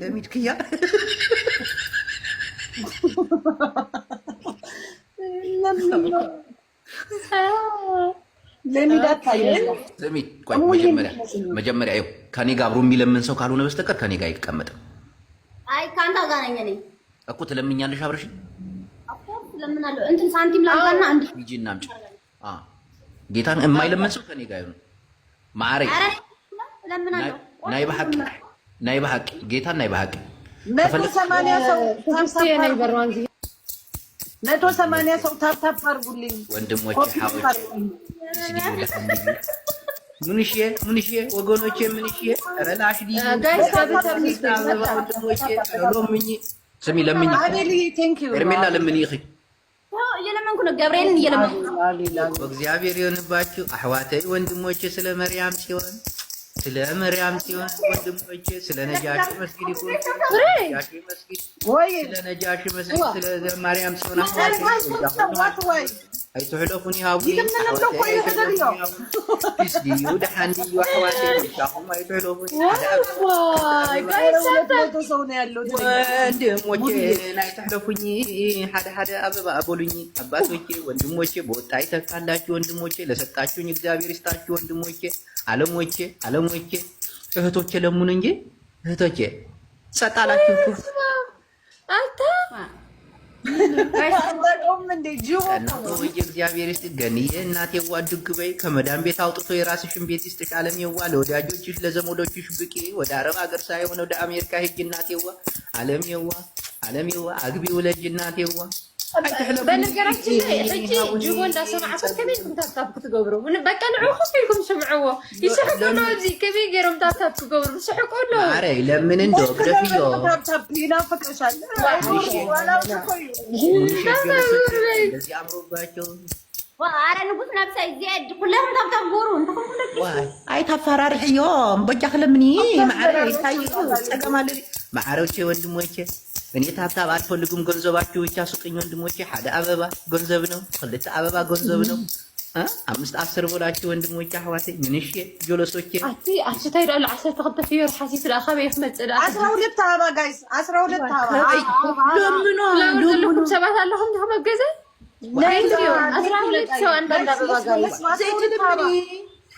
ለሚድክያ መጀመሪያ ይኸው ከኔ ጋር አብሮ የሚለምን ሰው ካልሆነ በስተቀር ከኔ ጋር አይቀመጥም። አይ ከአንተ ጋር ነኝ እኔ እኮ ትለምኛለሽ፣ አብረሽ ትለምናለሁ። እንትን ሳንቲም ላምጣና አንድ ሂጂ እና አምጪ። ጌታን የማይለምን ሰው ከኔ ጋር ናይ በሀቂ ጌታ ናይ በሀቂ መቶ ሰማንያ ሰው ታፕታፕ አድርጉልኝ ወንድሞቼ፣ ሙንሽዬ ወገኖቼ ስሚ ለምኝ፣ ኤርሜላ ለምን እየለመንኩ ነው። ገብርኤልን እየለመንኩ እግዚአብሔር ይሆንባችሁ አሕዋተይ ወንድሞቼ ስለ መርያም ሲሆን ስለ መርያም ጽዮን ወንድሞቼ፣ ስለ ነጃሽ መስጊድ ይሁን ስለ ነጃሽ መስጊድ ስለ ማርያም ጽዮን ኣይትሕለፉን ይሃቡ ስድዩ ደሓንድዩ በወጣ ይተካላችሁ ወንድሞቼ ለሰጣችሁኝ እግዚአብሔር ይስጣችሁ ወንድሞቼ ዓለሞቼ ዓለሞቼ እህቶቼ ለሙን እንጂ እህቶቼ ሰጣላችሁ እግዚአብሔር ይስጥገን። ይህ እናቴ የዋ ድግ በይ ከመዳን ቤት አውጥቶ የራስሽን ቤት ይስጥሽ። ዓለም የዋ ለወዳጆችሽ ለዘመዶችሽ ብቂ። ወደ አረብ ሀገር ሳይሆን ወደ አሜሪካ ሂጅ እናቴ የዋ ዓለም የዋ ዓለም የዋ አግቢ ውለጅ እናቴ የዋ በነገራችን ላይ ሕጂ ጅቦ እንዳሰማዓቶም ከመይ ኢልኩም ክትገብሩ በቃ ንዑ ኮፍ ኢልኩም ትሰምዕዎ ይስሕቁ ዶ እዚ ከመይ ገይሮም ታብታብ ክትገብሩ ይስሕቁ ዶ ለምን እንዶ ግደፍዮ ኧረ ንጉስ ናብሳይ ዜድ ኩለም ታብታብ ጎሩ አይ ታፈራርሕዮ እምቦጃ ክለምኒ ማዕረ ይታይኡ ፀገማለ ማዕረውቼ ወንድሞቼ እኔ ታብታብ አልፈልጉም። ገንዘባችሁ ብቻ ስጡኝ ወንድሞቼ። ሓደ አበባ ገንዘብ ነው፣ ክልተ አበባ ገንዘብ ነው። አምስት አስር በላችሁ ወንድሞቼ፣ ኣሕዋተይ ምንሽ ጆሎሶቼ ኣቲ ኣሽታይ ዳሉ ዓሰርተ ክልተ ፍዮር ሓሲስ ዳ ካበይ ክመፅእ ዳ ዓስራ ሁለት ሃባ ጋይስ ዓስራ ሁለት ሃባ ለምኖ ዘለኩም ሰባት ኣለኹም ንክመገዘ ናይ ዓስራ ሁለት ሰው እንዳንዳ ኣበባ ጋይስ ዘይትልምኒ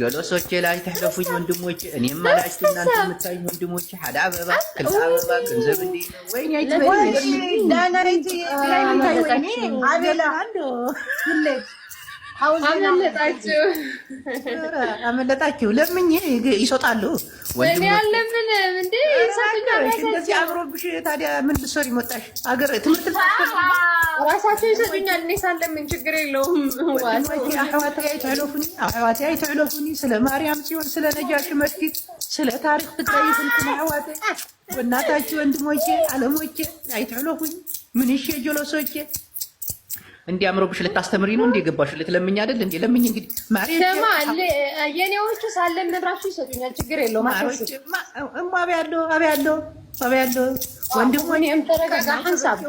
ጀሎሶቼ ላይ ተሕለፉኝ ወንድሞቼ፣ እኔም አላችሁ እናንተ የምታዩ ወንድሞቼ፣ ሀዳ አበባ ክልተ አበባ ገንዘብ እንደ ወይኔ አይትበ አመለጣችሁ። ለምኝ ይሰጣሉ። ወንድም ያለምን እንዴ እንደዚህ አብሮብሽ ታዲያ ምን ልትሰሪ መጣሽ? አገር ትምህርት ራሳቸው ይሰጡኛል። እኔ ሳለምን ችግር የለውም። አህዋቴ አይተዕለፉኒ ስለ ማርያም ሲሆን ስለ ነጃሽ መስጊድ ስለ ታሪክ ትጠይቅ ስንትን አህዋቴ ወናታችሁ ወንድሞቼ፣ አለሞቼ አይተዕለፉኝ ይሽ ጀሎሶቼ እንዲህ ልታስተምሪ ነው እንዲ ገባሽ ልትለምኝ አይደል? እንዲህ ለምኝ እንግዲህ ማሪማ የኔዎቹ ሳለም ነግራችሁ ይሰጡኛል። ችግር የለውም። እማ ወንድም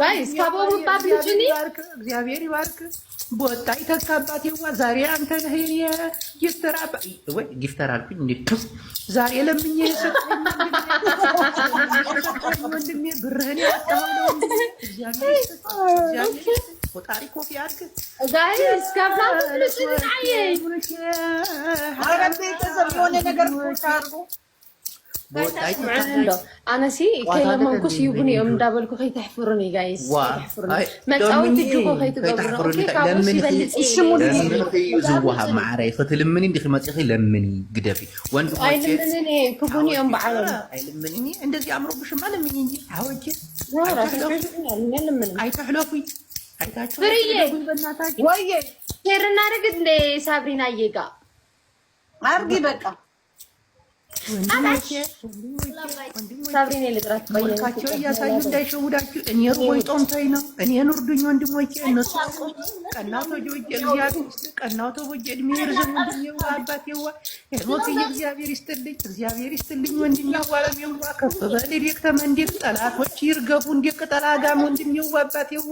ባይ እግዚአብሔር ይባርክ። ይተካባት ይዋ ዛሬ አንተ ወይ እንዴ! ዛሬ ለምኝ ነው እግዚአብሔር وطاري كوفي عاركت جايز كابلان تبلش لتعيش عربي تزريوني እዮም እንዳበልኩ ከይተሕፍሩኒ ጋይስ መፃወቲ ድኮ ከይትገብሩእዩ ዝወሃብ ማዕረይ ክትልምኒ እንዲ ክመፅኺ ለምኒ ግደፊ ወንድ ክቡን እዮም በዓሎም ኣይልምንኒ እንደዚ ኣእምሮ ለምኒ እንጂ ሓወጀ ኣይተሕለፉ እናድርግ እንደ ሳብሪና እየጋ አድርጊ በቃ ሳብሪና ልጥራት መልካቸው እያሳዩ እንዳይሸውዳችሁ። እኔ እርቦኝ ጦምተኝ ነው። እኔን እርዱኝ ወንድሞቼ። እነሱ ቀናቶ ጆጅ ቀናቶ ቦጅ እድሜ ርዝም ወንድሜዋ አባቴዋ ሞትዬ እግዚአብሔር ይስጥልኝ፣ እግዚአብሔር ይስጥልኝ ወንድሜዋ ባለሜዋ ከፍ በል ደግ ተመንዴቅ ጠላቶች ይርገፉ እንደ ቅጠል አጋም ወንድሜዋ አባቴዋ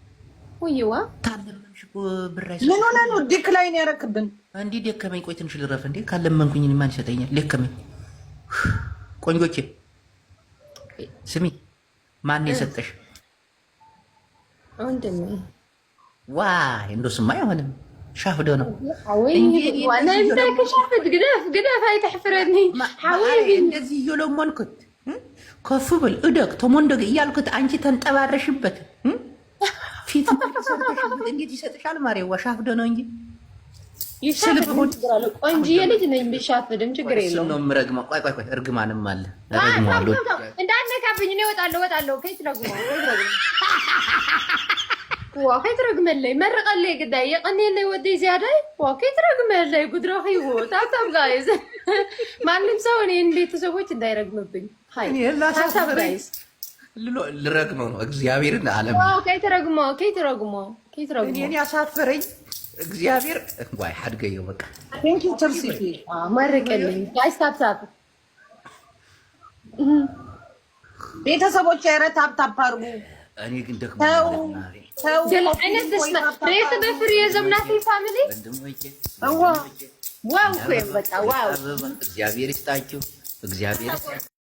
ውይዋ ታለምንሽ እኮ ብር አይሰጥም። ምን ሆነህ ነው ዲክላይን ያደረክብን? እንዲህ ደከመኝ። ቆይ ትንሽ ልረፍ እንዴ። ካለመንኩኝ ማን ይሰጠኛል? ደከመኝ። ቆንጆቼ ስሚ፣ ማን የሰጠሽ? ወንድሜ ዋይ፣ እንደው ስማ አይሆንም። ሻፍዶ ነው ግደፍ ግደፍ፣ አይተሕፍረኒ እንደዚህ እየለመንኩት ከፍ ብል እደግ ተሞንደግ እያልኩት አንቺ ተንጠባረሽበት ፊት እንዴት ይሰጥሻል? ማሬዋ ነው እንጂ ቆንጆዬ ልጅ ነኝ ብሻፍድም ችግር የለውም። ነው የምረግመው። ቆይ ቆይ ቆይ እርግማንም አለ እኔ እወጣለሁ እወጣለሁ። ከየት ረግመው ከየት ግዳይ ከየት ታብታብ ጋይዝ ማንም ሰው እኔን ቤተሰቦች እንዳይረግምብኝ ታብታብ ጋይዝ ልረግመው ነው እግዚአብሔርን አለም ከይትረግሞ ከይትረግሞ ከይትረግሞ እኔ ያሳፈረኝ እግዚአብሔር ዋይ ሀድገየው በቃ ቴንክ ዩ ተርሲቲ መርቅልኝ ጋይስ ታፕታፕ ቤተሰቦች ኧረ ታፕታፕ አድርጉ። እኔ ግን ደግሞ በፍሬ የዘምናት ፋሚሊ ዋው፣ ኮ በቃ ዋው። እግዚአብሔር ይስጣችሁ እግዚአብሔር